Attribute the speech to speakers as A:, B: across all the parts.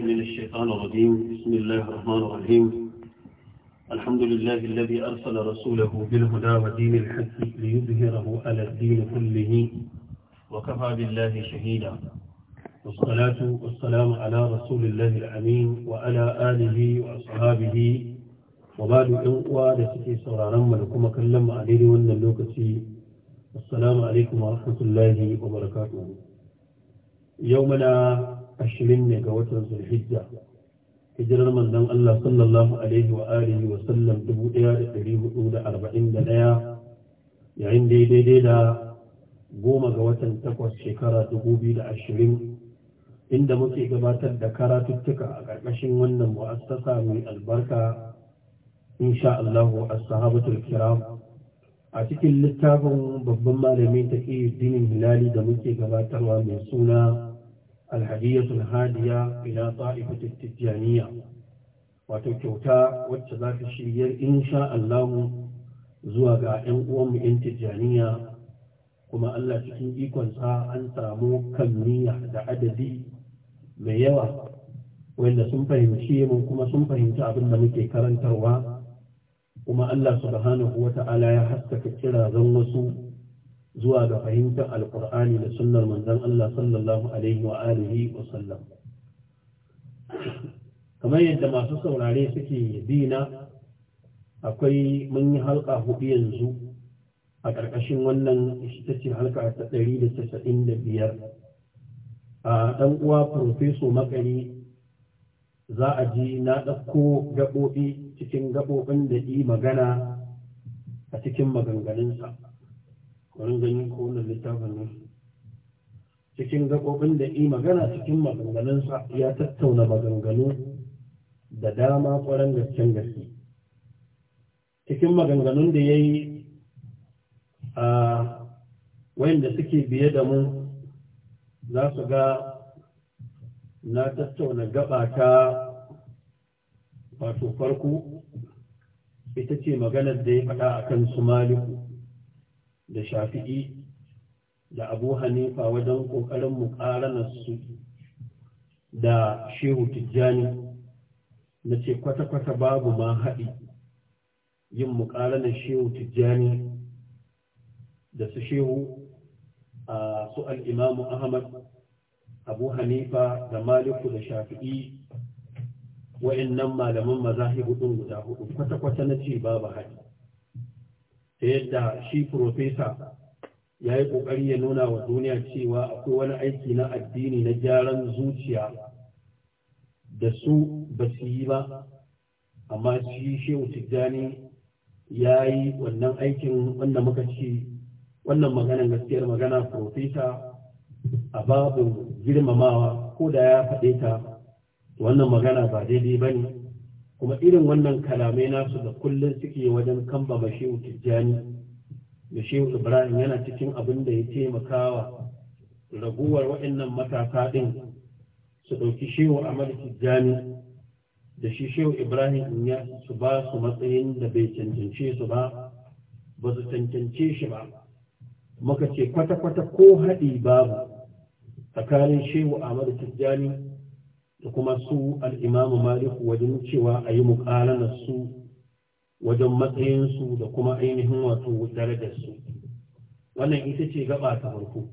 A: من الشيطان الرجيم بسم الله الرحمن الرحيم الحمد لله الذي أرسل رسوله بالهدى ودين الحق ليظهره على الدين كله وكفى بالله شهيدا والصلاة والسلام على رسول الله الأمين وعلى آله وأصحابه وبعد أن وادتك سرارا ملكم كلم عليه والنلوكسي السلام عليكم ورحمة الله وبركاته يومنا ashirin ne ga watan zulhijja hijirar manzon Allah sallallahu alaihi wa alihi wa sallam 1441 yayin da daidai da goma ga watan takwas shekara da ashirin inda muke gabatar da karatuttuka a ƙarƙashin wannan mu'assasa mai albarka insha Allahu ashabatul sahabatul kiram a cikin littafin babban malami taqiyuddin hilali da muke gabatarwa mai suna الهدية الهادية إلى طائفة التجانية وتكوتا والتذاك الشرير إن شاء الله زوغا إن أم إن تجانية كما الله تكون إيكوان سا أن سامو كمية عددي ميوة وإن سنفهم شيء كما سنفهم تعبنا مكي كرن تروا كما الله سبحانه وتعالى يحسك كلا ذنوسو zuwa ga fahimtar alkur'ani da sunnar manzon Allah sallallahu alaihi wa alihi wa sallam kamar yadda masu saurare suke dina akwai mun yi halka hudu yanzu a ƙarƙashin wannan ita ce halka ta ɗari da casa'in da biyar a ɗan uwa farfeso makari za a ji na ɗauko gaɓoɓi cikin gaɓoɓin da yi magana a cikin maganganunsa. wani ganin ko wannan littafin nan cikin gaɓoɓin da yi magana cikin maganganunsa ya tattauna maganganu da dama ƙwarar gasken gaske cikin maganganun da ya yi a wayanda suke biye da mu za su ga na tattauna gaba ta wato farko ita ce maganar da ya faɗa a kan su maliku da shafi'i da abu hanifa wajen ƙoƙarin su da shehu tijjani na ce kwata-kwata babu ma haɗi yin muƙaranar shehu tijjani da su shehu a su al'imamu ahmad abu hanifa da maliku da shafi'i wa'in nan malaman mazahi hudun guda hudu kwata-kwata na ce babu haɗi ta yadda shi profesa ya yi ƙoƙari ya nuna wa duniya cewa akwai wani aiki na addini na gyaran zuciya da su ba su yi ba amma shi shehu tijjani ya yi wannan aikin wanda muka ce wannan maganan gaskiyar magana profesa a babu girmamawa ko da ya faɗe ta wannan magana ba daidai ba ne kuma irin wannan kalamai nasu da kullum suke wajen kamba ma shehu tijjani da shehu ibrahim yana cikin abin da ya taimakawa raguwar waɗannan matasa ɗin su ɗauki shehu amal tijjani da shi shehu ibrahim ya su ba su matsayin da bai cancance su ba ba su cancance shi ba muka ce kwata-kwata ko haɗi babu tsakanin shehu amal tijjani da kuma su al'imamu malik wajen cewa ayi yi muƙalanar su wajen matsayinsu da kuma ainihin wato darajar su. wannan ita ce gaba ta farko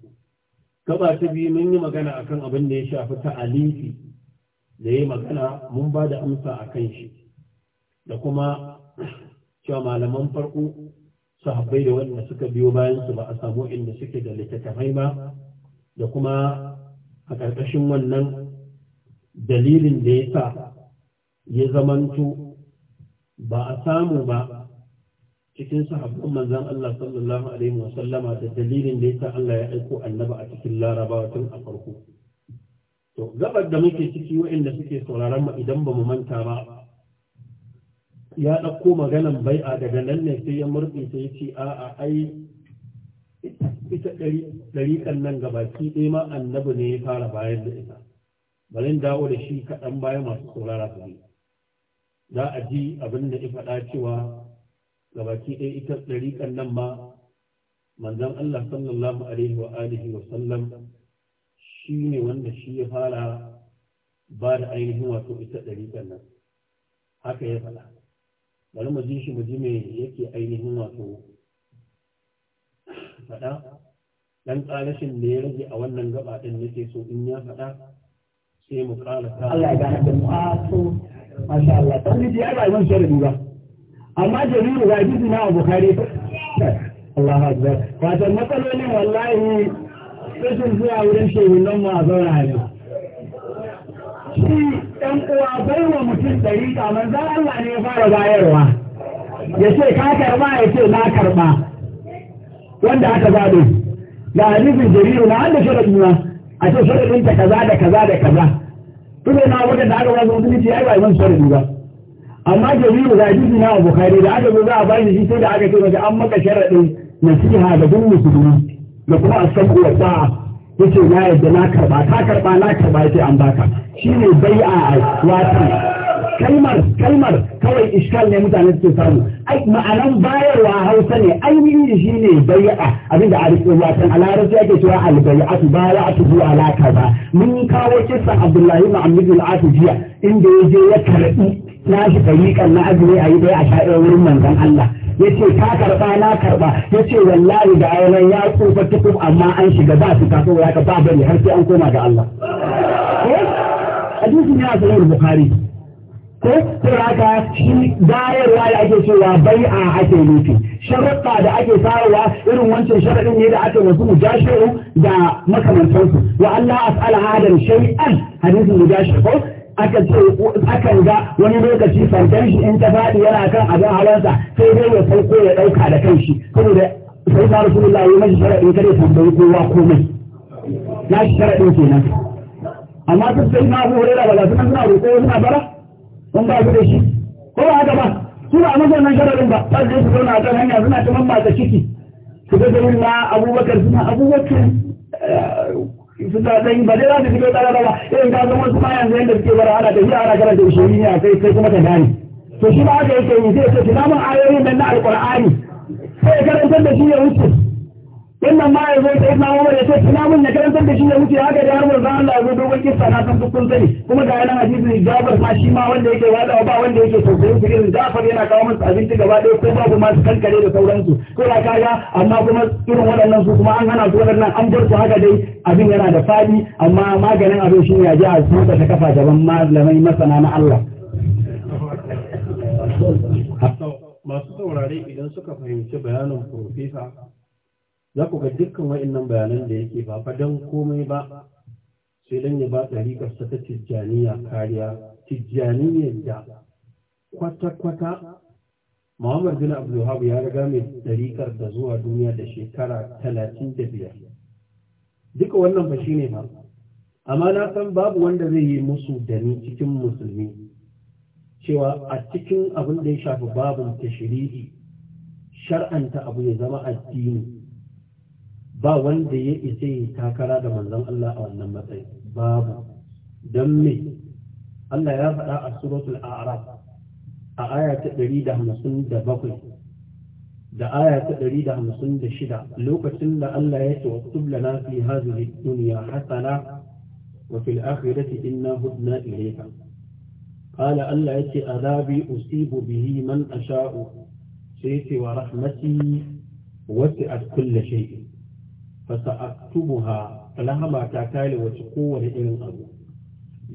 A: gaba ta biyu mun yi magana akan abin da ya shafi ta'alifi da ya magana mun ba da amsa a kan shi da kuma cewa malaman farko sahabbai da wanda suka biyo bayan su ba a samu inda suke da littattafai ba da kuma a ƙarƙashin wannan dalilin da ya sa ya zamanto ba a samu ba cikin sahabban manzan Allah sallallahu alaihi wasallama da dalilin da ya sa Allah ya aiko annaba a cikin larabawa tun a farko to gabar da muke ciki waɗanda suke sauraron mu idan ba mu manta ba ya ɗauko maganan bai'a daga nan ne sai ya murɗe sai ya ce a'a ai ita ɗariƙan nan gabaki ɗaya ma annabi ne ya fara bayar da ita bari dawo da shi kaɗan bayan masu saurara su ne za a ji abin da ya faɗa cewa gabaki ɗaya ita ɗariƙan nan ma manzon Allah sallallahu alaihi wa alihi wa sallam shi ne wanda shi ya fara ba da ainihin wato ita ɗariƙan nan haka ya faɗa bari mu ji shi mu ji me yake ainihin wato faɗa dan ƙarashin da ya rage a wannan gaba ɗin yake so in ya faɗa sai mu kala ta Allah ya gane da mu a ah, to
B: masha Allah dan ji ya ba yin sharri ba amma jariru ga hadisi na Abu Bukhari Allahu akbar wato matsaloli wallahi rashin zuwa wurin nan mu a zauna ne shi ɗan uwa bai wa mutum ɗari ka manzan Allah ne ya fara bayarwa ya ce ka karba ya ce na karba wanda aka zaɓe ga hadisin jariru na an da shirin ma a ce sharadin ta kaza da kaza da kaza kuma na wajen da aka wasu musulunci ai ba yi sharadi ba amma jami'u da hadisi na bukari da aka zo za a bani shi sai da aka ce maka an maka sharadin nasiha da duk musulmi da kuma asabu wa sa'a yace na yadda na karɓa. Ta karɓa na ya ce an baka shine bai'a watan kalmar kalmar kawai iskal ne mutane suke samu ai ma'anan bayarwa hausa ne ainihin shi ne bai'a abinda a rikin watan a larabci ake cewa albayatu bayatu bu al'aka ba. mun kawo kisan abdullahi ma'amud al jiya inda ya je ya karbi nashi tariƙan na azumi a yi bai a sha'ir wurin manzon Allah yace ka karba na karba ce wallahi da auren ya tsufa tukub amma an shiga ba su kaso ya ka ba bari har sai an koma ga Allah eh? hadisi ne a bukhari ko turaka shi bayarwa da ake cewa bai a ake nufi sharaɗa da ake farawa irin wancan sharaɗin ne da ake wasu mujashiru da makamantansu wa Allah as'ala hadar shay'an hadisin mujashiru ko aka ce akan ga wani lokaci fantan shi in ta faɗi yana kan abin hawansa sai dai ya sauko ya ɗauka da kanshi saboda sai ta rasulullah ya mashi sharaɗin kada tambayi kowa komai na shi sharaɗin kenan amma duk sai na hore da ba za su nan suna roƙo suna bara sun ba su da shi ko ba haka ba su ba mazan nan gararin ba ba su zauna a kan hanya suna ta mamma da ciki su ga da na abubakar suna abubakar da eh, dan ba dai za su ga tsara ba irin ka zama su ma yanzu da suke bara ana da ana karanta ushiri a kai sai kuma ta gane to shi ba haka yake yi zai ce tunamin ayoyin nan na alqur'ani sai karantar da shi ya wuce wannan ma yanzu zo sai na mu ya ce ina mun ne karantar da shi ne wuce haka da harbar zan Allah ya dogon kissa na san dukkan sani kuma ga yana hadisi jabar ma shi ma wanda yake wada ba wanda yake so su irin Jafar yana kawo musu abinci gaba ɗaya ko babu ma su kankare da sauransu ko da kaga amma kuma irin waɗannan su kuma an hana su waɗannan an bar su haka dai abin yana da fadi amma maganin abin shi ya ji a tsoka ta kafa gaban malamai masana na Allah
A: masu saurare idan suka fahimci bayanin profesa za ku ga dukkan wa'annan bayanan da yake ba fa don komai ba sai don ya ba ɗariƙar ta tijjaniya kariya tijjaniyar da kwata-kwata Muhammad bin Abdulhab ya riga mai ɗariƙar da zuwa duniya da shekara talatin da biyar. Duka wannan ba shi ne ba, amma na san babu wanda zai yi musu da ni cikin musulmi, cewa a cikin abin da ya shafi babin tashiriri, shar'anta abu ya zama addini. ba wanda ya isa yi takara da manzon Allah a wannan matsayi babu don me Allah ya faɗa a suratul a'raf a aya ta 157 da aya ta 156 lokacin da Allah ya ce waktub lana fi hadhihi dunya hasana wa fil akhirati inna hudna ilayka قال الله يتي أذابي أصيب به من أشاء سيتي ورحمتي وسعت كل شيء fasa'aktubuha lahama ta kare wace kowane irin abu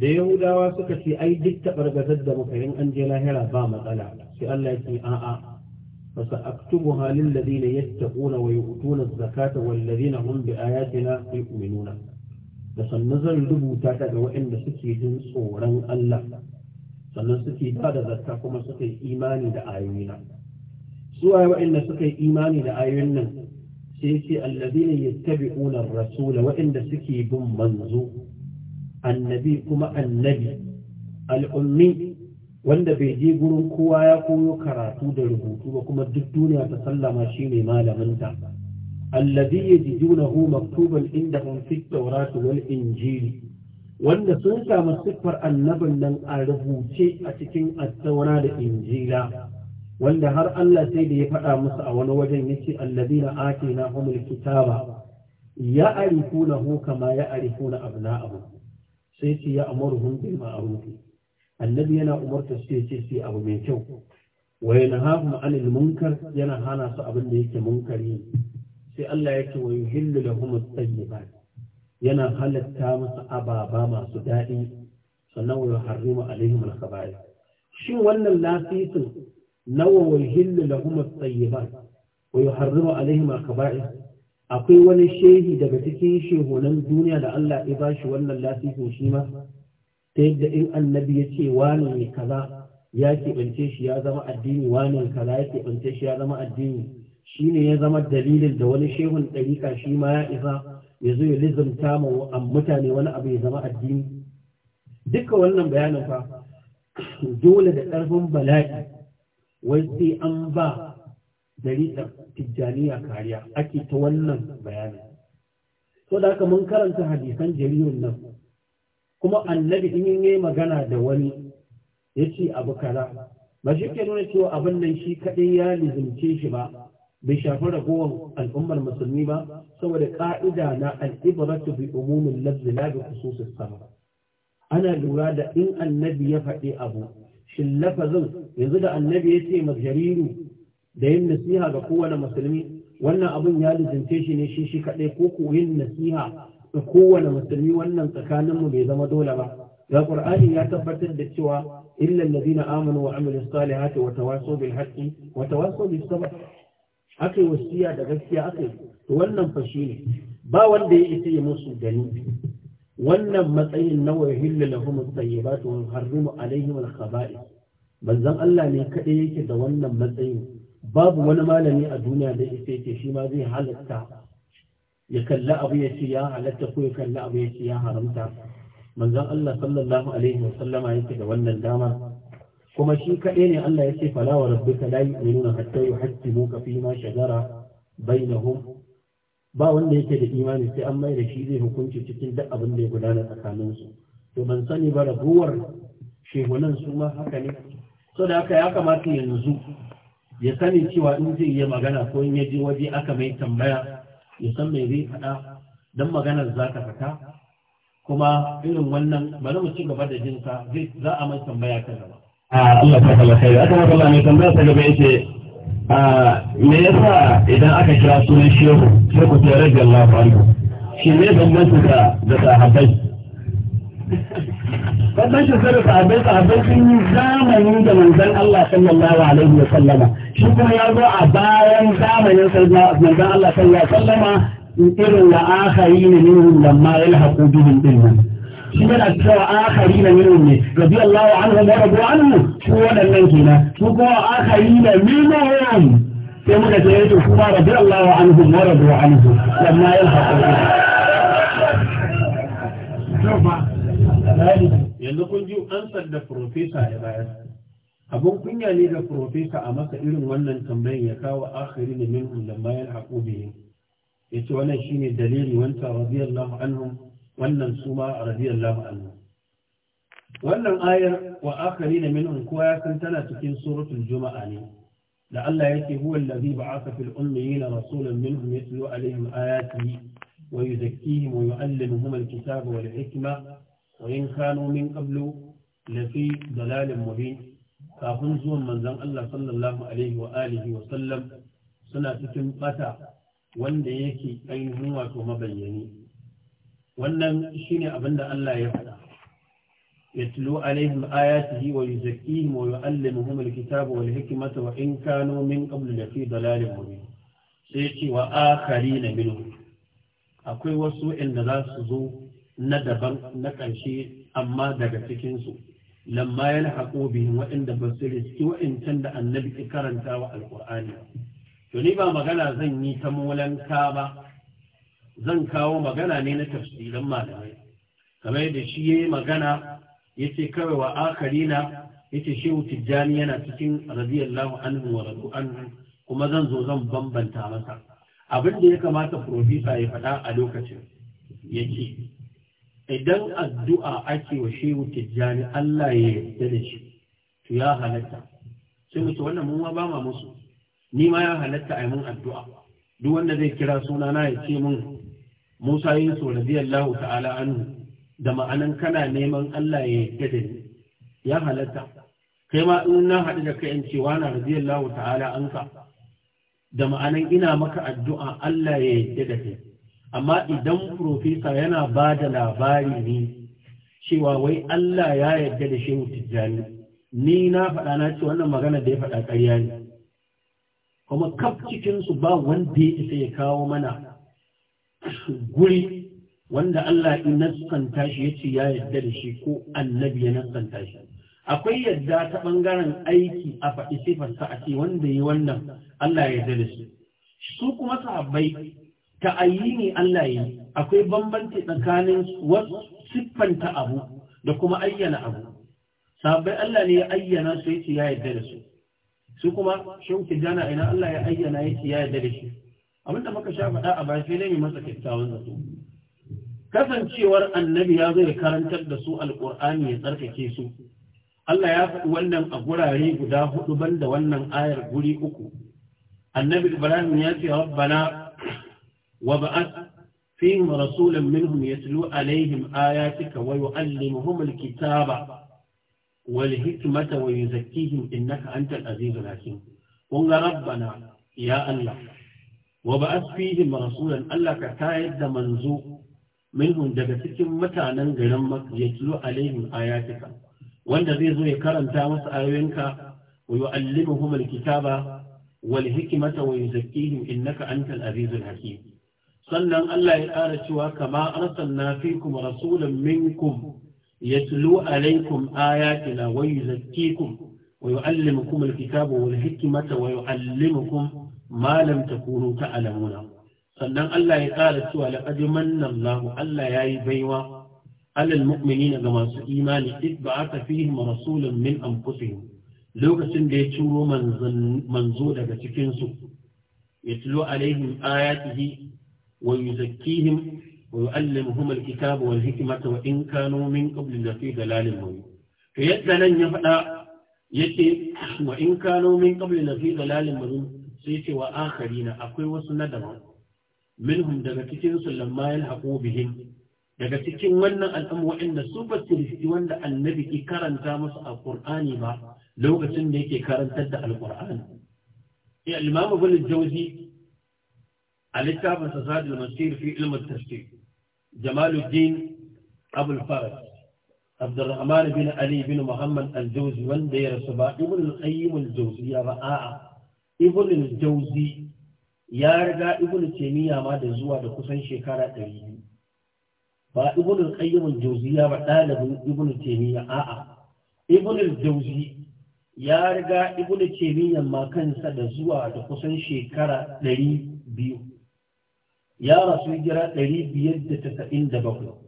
A: da yahudawa suka ce ai duk taɓargazar da muka yin an je lahira ba matsala sai Allah ya ce a'a فسأكتبها للذين يتقون ويؤتون الزكاة والذين هم بآياتنا Da sannan zan rubuta ta ga waɗanda suke jin tsoron Allah sannan suke ba da zakka kuma suke imani da ayoyina su waye waɗanda suka yi imani da ayoyin nan سيسي الذين يتبعون rasula waɗanda suke bin manzo Annabi, kuma Annabi al'ummi, wanda bai je gurin kowa ya koyo karatu da rubutu ba kuma duk duniya ta sallama shi ne malaminta juna hu maktuban indahum fi tawrat wal injili wanda sun samu siffar annabin nan a rubuce a cikin attaura da injila wanda har Allah sai da ya faɗa musu a wani wajen yace allazina na humul kitaba ya'rifunahu abu na abu. sai ce ya amuruhum a rufe. annabi yana umarta su yace su abu mai kyau wa yanhahum 'anil munkar yana hana su abin da yake munkari sai Allah yake wa yuhillu lahum at ba. yana halatta musu ababa masu daɗi sannan wa harrima alaihim al shin wannan lasisin nawa wa hilla lahuma at-tayyibat wa akwai wani shehi daga cikin shehunan duniya da Allah ya bashi wannan lasisin shi ma ta yadda in annabi ya ce wani ne kaza ya keɓance shi ya zama addini wani kaza ya keɓance shi ya zama addini shi ne ya zama dalilin da wani shehun ɗarika shi ma ya isa ya zo ya lizumta ma mutane wani abu ya zama addini duka wannan bayanin fa dole da ƙarfin bala'i wai sai an ba jaridar tijjaniya kariya ake ta wannan bayanin so da aka mun karanta hadisan jaririn nan kuma annabi in yi magana da wani ya ce abu kaza ba shi ke nuna cewa abin nan shi kaɗai ya lizimce shi ba bai shafi ragowar al'ummar musulmi ba saboda ƙa'ida na al'ibaratu bi umumin lafzi la bi khususis sama ana lura da in annabi ya faɗi abu shin lafazin yanzu da annabi ya ce Jariru da yin nasiha ga kowane musulmi wannan abin ya lizince shi ne shi shi kaɗai ko ko yin nasiha ga kowane musulmi wannan tsakaninmu bai zama dole ba ga qur'ani ya tabbatar da cewa illal ladina amanu wa amilu salihati wa tawasaw bil haqqi wa tawasaw bis sabr akai wasiya da gaskiya akai to wannan fa ne. ba wanda ya isa ya musu ni. wannan matsayin nawa yuhillu lahum at-tayyibatu wa yuharrimu alaihim al-khaba'ith manzon Allah ne kaɗai yake da wannan matsayin babu wani malami a duniya da ita yake shi ma zai halatta ya kalla abu ya ce ya halatta ko ya kalla abu ya ce ya haramta manzon Allah sallallahu alaihi wa sallama yake da wannan dama kuma shi kaɗai ne Allah ya ce fala wa rabbika la yu'minuna hatta yuhaqqimuka fi ma shajara bainahum ba wanda yake da imani sai an mai da shi zai hukunci cikin duk abin da ya gudana tsakaninsu to ban sani ba rabuwar shehunan su ma haka ne so da aka ya kamata yanzu ya sani cewa in zai yi magana ko in yaji waje aka mai tambaya ya san me zai faɗa don maganar za ta fita kuma irin wannan bari mu ci gaba da jinsa za a mai tambaya ta gaba. Allah ta kalla kai aka maka Allah mai tambaya ta gaba
B: yace me yasa idan aka kira sunan shehu sai ku tare da Allah fa'ala shi ne bambanci da da sahabbai wannan shi sai sahabbai sahabbai sun yi zamanin da manzon Allah sallallahu alaihi wa sallama shi kuma ya zo a bayan zamanin manzon Allah sallallahu alaihi wa sallama irin la akharin minhum lamma yalhaqu bihim ilman shi yana cewa akharin minhum ne radiyallahu anhu wa radu anhu su wadannan kenan su kuma akharin minhum sai
A: muka ce yato kuma radiyallahu anhu wa radu anhu lamma yalhaqu bihim yanzu kun ji ansar da profesa ya bayar abun kunya ne da profesa a masa irin wannan tambayin ya kawo akhiri ne minhum da bayan haƙubihin ya ce wannan shine dalili wanta radiyallahu anhum wannan su ma radiyallahu anhum wannan ayar wa akhiri ne kowa ya san tana cikin suratul juma'a ne da Allah yake huwa allazi ba'atha fil ummiyina rasulan minhum yatlu alaihim ayatihi wa yuzakkihim wa yu'allimuhum alkitaba wal hikma وإن كانوا من قبل لفي ضلال مبين kafin zuwan manzon Allah sallallahu alaihi wa wa sallam suna cikin bata wanda yake ainihin wato mabayyani wannan shine abin da Allah ya faɗa ya alaihim ayatihi wa yuzakkihim wa yuallimuhum alkitaba wal hikmata wa in kanu min qablu lafi dalalin mubin sai ce wa akwai wasu inda za su zo na daban na ƙarshe amma daga cikinsu lamma yana haƙo bihin waɗanda ba su riski waɗancan da annabi ke karanta wa alƙur'ani to ni ba magana zan yi ta molanka ba zan kawo magana ne na tafsirin malamai kamar da shi ya yi magana ya ce kawai wa akarina ya ce shehu tijjani yana cikin radiyallahu anhu wa radu anhu kuma zan zo zan bambanta masa abin da ya kamata profesa ya faɗa a lokacin ya ce idan addu'a ake wa wuce jani Allah ya yarda da shi to ya halatta sai mu ce wannan mun ma ba ma musu ni ma ya halatta ai mun addu'a duk wanda zai kira suna na ya ce mun Musa yin so radiyallahu ta'ala anhu da ma'anan kana neman Allah ya yarda da ni ya halatta kai ma in na haɗu da kai in ce wani radiyallahu ta'ala anka da ma'anan ina maka addu'a Allah ya yarda da kai amma idan profesa yana ba da labari ne cewa wai Allah ya yarda da shehu tijjani ni na faɗa na ce wannan magana da ya faɗa ƙarya ne kuma kaf su ba wanda ya isa ya kawo mana guri wanda Allah in nasanta shi ya ce ya yarda da shi ko annabi ya nasanta shi akwai yadda ta bangaren aiki a faɗi sifarsa a ce wanda yi wannan Allah ya yarda da shi su kuma sahabbai Ta ta'ayyini Allah yi akwai bambanci tsakanin siffanta abu da kuma ayyana abu sabai Allah ne ya ayyana su yace ya yarda da su su kuma shin jana ina Allah ya ayyana yace ya yarda da shi da muka sha faɗa a baya sai ne masa kyakkyawan zato kasancewar annabi ya zo karantar da su Alƙur'ani ya tsarkake su Allah ya faɗi wannan a gurare guda hudu banda wannan ayar guri uku annabi Ibrahim ya ce rabbana وبعث فيهم رسولا منهم يتلو عليهم آياتك ويعلمهم الكتاب والحكمة ويزكيهم إنك أنت العزيز الحكيم قل ربنا يا الله وبعث فيهم رسولا ألا كتايد منزو منهم دبتك متانا غرمك يتلو عليهم آياتك والذي زو يكرم تامس آيوينك ويعلمهم الكتاب والحكمة ويزكيهم إنك أنت العزيز الحكيم sannan Allah ya ƙara cewa kama arsalna fikum rasulan minkum yatlu alaykum ayatina wa yuzakkikum wa yuallimukum alkitaba wal hikmata wa yuallimukum ma lam takunu ta'lamuna sannan Allah ya ƙara cewa laqad manna Allah Allah yayi baiwa alal mu'minina ga masu imani id ba'atha fihim rasulan min anfusihim lokacin da ya ciro manzo daga cikin su yatlu alaihim ayatihi ويزكيهم ويعلمهم الكتاب والحكمة وإن كانوا من قبل لفي ضلال مبين فيدنا يفدا yace wa in kano min qabli na fi dalalin mazun sai ce wa akharina akwai wasu na daban daga cikin su daga cikin wannan al'umma waɗanda su ba su wanda annabi ke karanta musu a Qur'ani ba lokacin da yake karantar da al E, Imam Ibn Jawzi a littafin sa sadu da fi ilmin tafsir jamaluddin abul faraj abdurrahman bin ali bin muhammad al-jawzi wanda ya rasu ba ibn al-qayyim al-jawzi ya ba a'a ibn al-jawzi ya riga ibn taymiya ma da zuwa da kusan shekara 200 ba ibn al-qayyim al-jawzi ya ba dalibin ibn taymiya a'a ibn al-jawzi ya riga ibn taymiya ma kansa da zuwa da kusan shekara 200 ya rasu hijira 597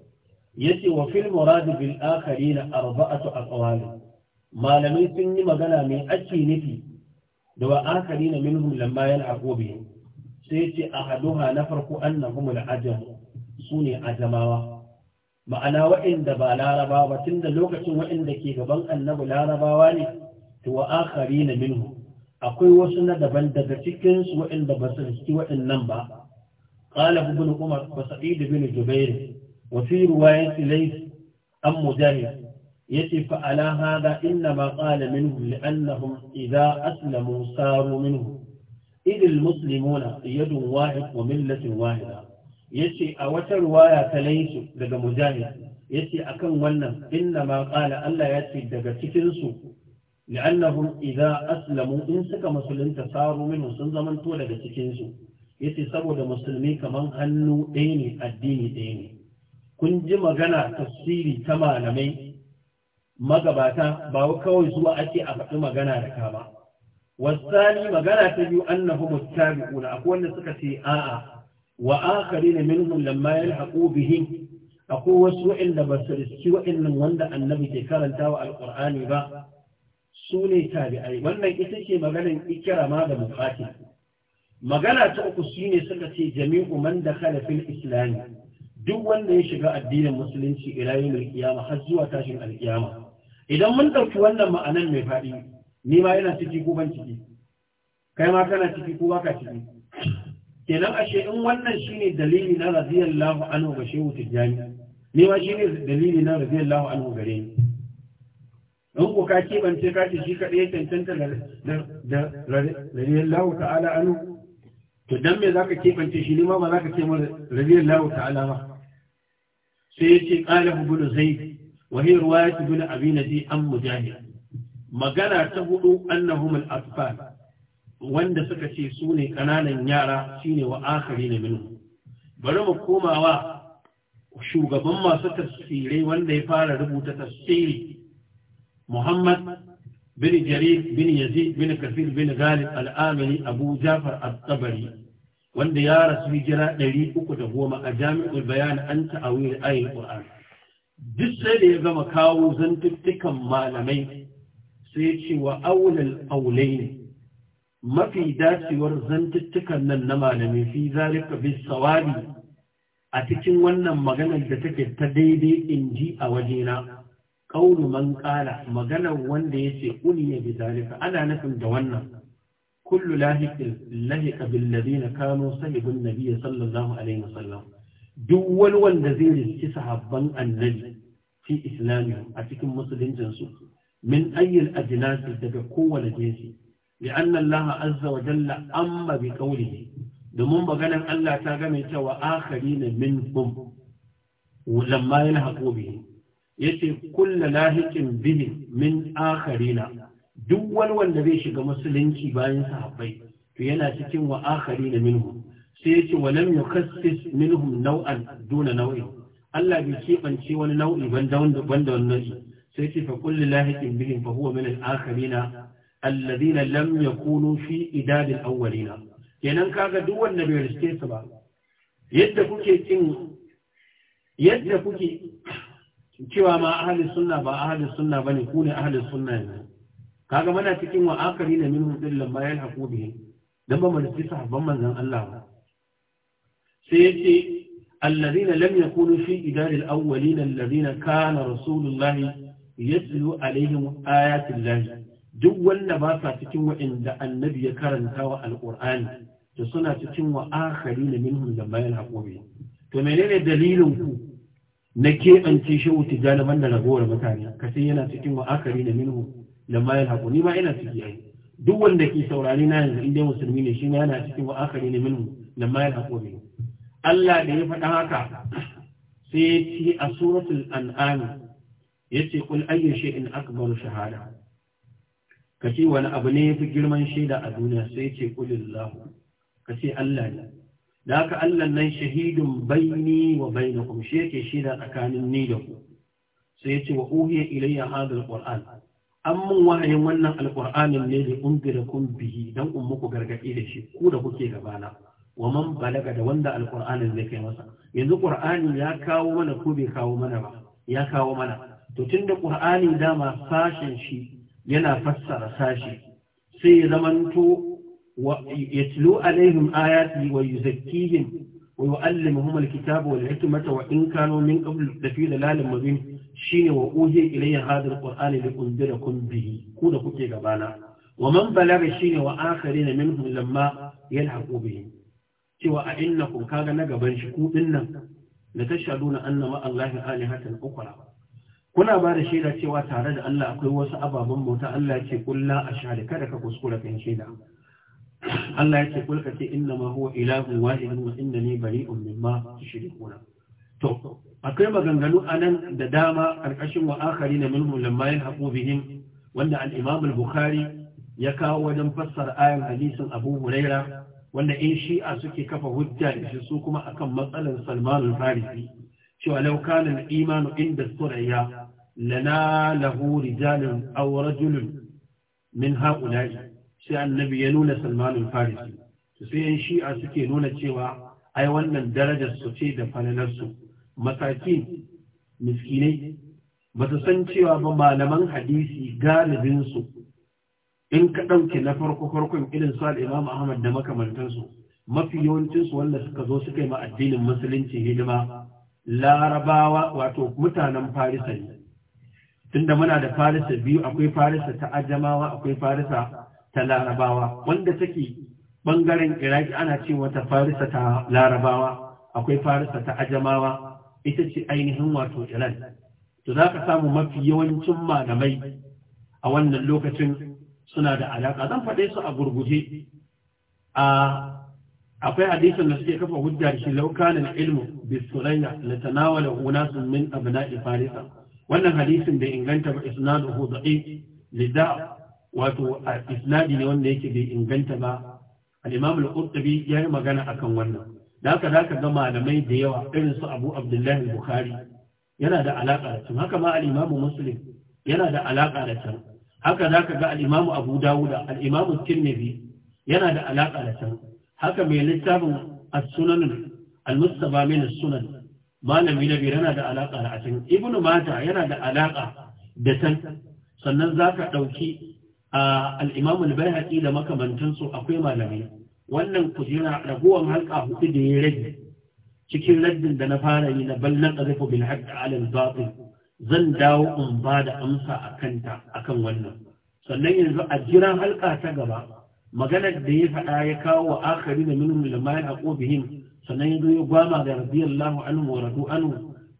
A: ce wa fil murad bil akharin arba'atu aqwal malamai sun yi magana mai ake nufi da wa akharin minhum lamma yan'aqu bi sai yace ahaduha na farko annahum al ajam sune ajamawa ma'ana waɗanda ba larabawa tun da lokacin waɗanda ke gaban annabi larabawa ne to wa akharin minhum akwai wasu na daban daga cikinsu waɗanda ba su riski waɗannan ba قال ابن عمر وسعيد بن جبير وفي رواية ليس أم مجاهد يتي فعلى هذا إنما قال منه لأنهم إذا أسلموا ساروا منه إذ المسلمون يد واحد وملة واحدة يتي أوتر رواية ليس لدى مجاهد يتي أكن ونم إنما قال ألا يتي دقى تكنسوا لأنهم إذا أسلموا إن سك مسلم تساروا منه سنزمن تولد تكنسوا yace saboda musulmi kamar hannu ɗaya ne addini ɗaya ne kun ji magana tafsiri ta malamai magabata ba kawai zuwa ake a faɗi magana da ka ba wasani magana ta biyu annahu muttabi'una akwai wanda suka ce a'a wa akharina minhum lamma yalhaqu bihim akwai wasu wa'inda ba su riski wa'innan wanda annabi ke karantawa alqur'ani ba su ne tabi'ai wannan ita ce maganar ikirama da mufati magana ta uku shine suka ce jami'u man da fil islami duk wanda ya shiga addinin musulunci ila yawmil qiyama har zuwa tashin alkiyama idan mun ɗauki wannan ma'anan mai faɗi, ni ma yana ciki ko ban ciki kai ma kana ciki ko baka ciki kenan ashe in wannan shine dalili na radiyallahu anhu ga shehu tijjani ni ma shine dalili na radiyallahu anhu gare ni in ko ka kebance ka ce shi kaɗai ya cancanta da radiyallahu ta'ala anhu to dan me zaka kebance shi ne ma ba zaka ce mana radiyallahu ta'ala ba sai yace qala ibn zaid wa hi riwayat ibn abi nadi an mujahid magana ta hudu annahum al-atfal wanda suka ce sune ne kananan yara shine wa ne minhu bari mu komawa shugaban masu tafsirai wanda ya fara rubuta tafsiri Muhammad بن جرير بن يزيد بن كثير بن غالب الآمني أبو جعفر الطبري wanda ya rasu hijira ɗari uku da goma a jami'ul bayan an ta'awil ayin Qur'an duk sai da ya gama kawo zantuttukan malamai sai ce wa aulal ne, mafi dacewar zantuttukan nan na malamai fi zalika bi sawabi a cikin wannan maganar da take ta daidai in ji a wajena kaulu man maganar wanda yace uniya bi zalika ana nufin da wannan kullu lahiqin lahiqa bil ladina kanu sahibun nabiy sallallahu alaihi wasallam duk wani wanda zai riski sahabban annabi fi islami a cikin musuluncin su min ayyul ajnas daga kowane jinsi لأن الله عز وجل أما بقوله domin maganar Allah ta game cewa akari ne minkum lamma yana yace kullu lahiqin bihi min akharina duk wani wanda zai shiga musulunci bayan sahabbai to yana cikin wa akharina minhum sai yace wa lam yukassis minhum naw'an duna naw'i Allah bai kebance wani nau'i da wanda da wannan sai yace fa kullu lahiqin bihi fa huwa min akharina alladhina lam yakunu fi idad alawwalina kenan kaga duk wanda bai riske su ba yadda kuke kin yadda kuke cewa ma ahli sunna ba ahli sunna bane ku ne ahli sunna yanzu kaga mana cikin wa akari na minhum dillan lambayar yalhaqu bihi ba mu da sahabban manzon Allah ba sai yace alladhina lam yakunu fi idari alawwalin alladhina kana rasulullahi yatlu alaihim ayati llahi duk wanda ba sa cikin wa'inda annabi ya karanta wa alqur'ani to suna cikin wa akari na minhum dillan lambayar yalhaqu to menene dalilin ku na keɓance shi tijjani da ragowar mutane ka sai yana cikin wa'akari da minhu da mayar haƙo ni ma yana ciki ai duk wanda ke saurari na yanzu inda musulmi ne shi ma yana cikin wa'akari da minhu da mayar haƙo ne Allah da ya faɗa haka sai ya ce a suratul an'am ya ce kul ayyu shay'in akbaru shahada ka ce wani abu ne yafi girman shaida a duniya sai ya ce kulillahu ka ce Allah ne da haka Allah nan shahidun baini wa bainakum shi yake shida tsakanin ni da ku sai yace wa uhiya ilayya hadha alquran an mun wahayin wannan alqur'anin ne da ungirakum bihi dan ku gargadi da shi ku da kuke gabana wa man balaga da wanda alqur'anin zai kai masa yanzu qur'ani ya kawo mana ko bai kawo mana ba ya kawo mana to tunda qur'ani dama sashen shi yana fassara sashi sai ya zamanto يتلو عليهم آياته ويزكيهم ويعلمهم الكتاب والحكمة وإن كانوا من قبل لفي ضلال مبين شين وأوحي إلي هذا القرآن لأنذركم به كودا كوكي غبانا ومن بلغ شين وآخرين منهم لما يلحقوا بهم سوى أئنكم كاغا نغبان شكو إنا لتشهدون أن ما الله آلهة أخرى kuna ba da shaida cewa tare da Allah akwai wasu ababen mota Allah ce kulla a shahada kada ka kuskura kan shaida Allah ya ce kulka ce inna ma huwa ilahu wahidun wa innani bari'un mimma tushrikuna to akwai maganganu anan da dama karkashin wa akhari na minhum lamma yahqu bihim wanda al-Imam al-Bukhari ya kawo wajen fassara ayan hadisin Abu Huraira wanda in shi'a suke kafa hujja da shi su kuma akan matsalar Salman al-Farisi cewa law kana al-iman inda suraya lana lahu rijalun aw rajulun min ha'ula'i sai annabi ya nuna salmanin farisi Su sai yan shi'a suke nuna cewa ai wannan darajar su ce da fananarsu masakin miskinai ba su san cewa ba malaman hadisi galibinsu in ka ɗauke na farko farkon irin su al'imam ahmad da makamantansu mafi yawancinsu wanda suka zo suka yi ma addinin musulunci hidima larabawa wato mutanen farisa ne tunda muna da farisa biyu akwai farisa ta ajamawa akwai farisa ta larabawa wanda take bangaren iraki ana ce wata farisa ta larabawa akwai farisa ta ajamawa ita ce ainihin wato iran to za ka samu mafi yawancin malamai a wannan lokacin suna da alaƙa zan faɗe su a gurguje a akwai hadisin da suke kafa hujja shi laukanin ilmu bi surayya la tanawala unasun min abna'i farisa wannan hadisin bai inganta ba isnaduhu da'if lida wato a isnadi ne wanda yake bai inganta ba al-imam al-qurtubi ya yi magana akan wannan da haka zaka ga malamai da yawa irin su abu abdullahi bukhari yana da alaka da can haka ma al-imam muslim yana da alaka da can haka zaka ga al-imam abu dawud al-imam tirmidhi yana da alaka da can haka mai littafin as-sunan al-mustaba min as-sunan malami na yana da alaka da can ibnu mata yana da alaka da can sannan zaka dauki a al-Imam al-Baihaqi da makamantansu akwai malamai wannan kujera ragowar halka hudu da ya rage cikin raddin da na fara yi na ballan qazafu bil haqq ala al-batil zan dawo in ba da amsa a kanta akan wannan sannan yanzu a jiran halka ta gaba maganar da ya faɗa ya kawo wa akari da minhum a yaqu bihim sannan yanzu ya gwama da radiyallahu anhu wa radu Anu,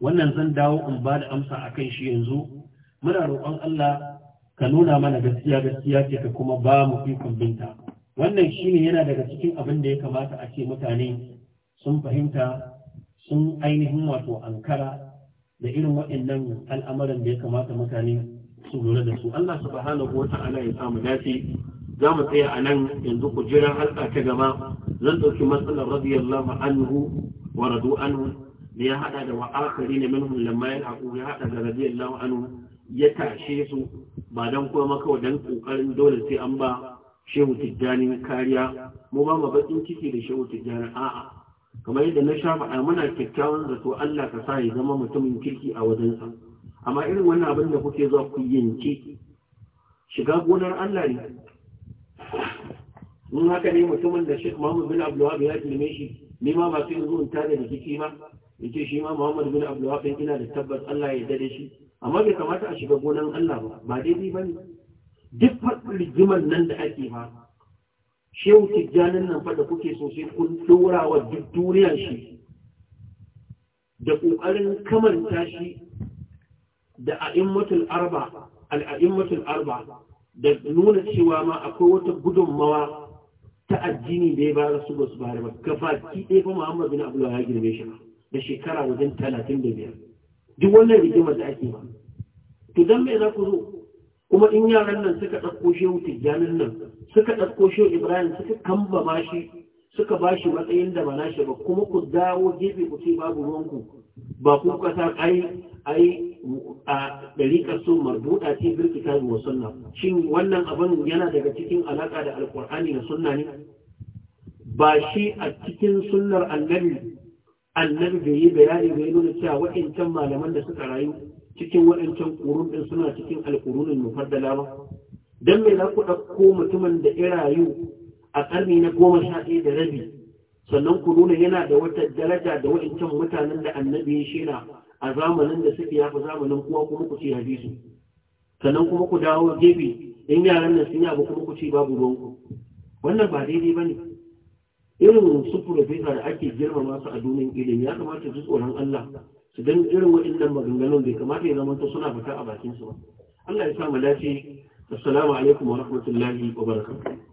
A: wannan zan dawo in ba da amsa kan shi yanzu muna roƙon Allah ka nuna mana gaskiya gaskiya ce ka kuma ba mu ikon binta wannan shine yana daga cikin abin da ya kamata a ce mutane sun fahimta sun ainihin wato ankara da irin waɗannan al'amuran da ya kamata mutane su lura da su Allah subhanahu wata'ala ya samu dace za mu tsaya a nan yanzu ku jira halka ta gaba zan ɗauki matsalar radiyallahu anhu wa radu anhu ya haɗa da wa'akari akari ne minhum lamma ya haɗa da radiyallahu anhu ya tashe su ba don kuma kawai don ƙoƙarin dole sai an ba shehu tijjani kariya mu ba mu bakin ciki da shehu tijjani a'a kamar yadda na sha faɗa muna kyakkyawan zato Allah ka sa ya zama mutumin kirki a wajensa amma irin wannan abin da kuke zuwa ku yanke shiga gonar Allah ne mun haka ne mutumin da Sheikh Muhammad bin Abdul Wahab ya tilme shi ni ma ba sai zo in da rikici ba yace shi ma Muhammad bin Abdul Wahab ina da tabbas Allah ya yarda da shi amma bai kamata a shiga gonan Allah ba ba daidai ba ne duk rigimar nan da ake ba shehu tijjanin nan fa da kuke so sai kun dora wa duk duniya shi da ƙoƙarin kamanta shi da a'immatul arba al'a'immatul arba da nuna cewa ma akwai wata gudunmawa ta addini da ya ba su ba su ba gaba ki ɗaya fa Muhammad bin Abdullah ya girme shi da shekara wajen talatin da biyar duk wannan rigimar da ake ba to dan me za ku zo kuma in yaran nan suka ɗauko wuta tijjanin nan suka ɗauko shi ibrahim suka kamba shi suka ba shi matsayin da ba nashi ba kuma ku dawo gefe ku ce babu ruwanku ba ku sa ai ai a ɗariƙar so marbuɗa ce birkita zuwa sunna shin wannan abin yana daga cikin alaƙa da alƙur'ani da sunna ne ba shi a cikin sunnar annabi annabi bai yi bayani bai nuna cewa waɗancan malaman da suka rayu cikin waɗancan ƙurun ɗin suna cikin alƙurunin mufaddala ba don me za ku ɗauko mutumin da ya rayu a ƙarni na goma sha ɗaya da rabi sannan ku nuna yana da wata daraja da waɗancan mutanen da annabi ya shina a zamanin da suke yafi zamanin kuwa kuma ku ce hadisi. sannan kuma ku dawo gefe in yaran nan sun yi abu kuma ku ce babu ruwanku wannan ba daidai ba ne irin su profesa da ake girmama su a domin ilimi ya kamata su tsoron Allah su dan irin waɗannan maganganun bai kamata ya zama ta suna fita a bakin su ba Allah ya sa mu dace assalamu alaikum wa rahmatullahi wa barakatuh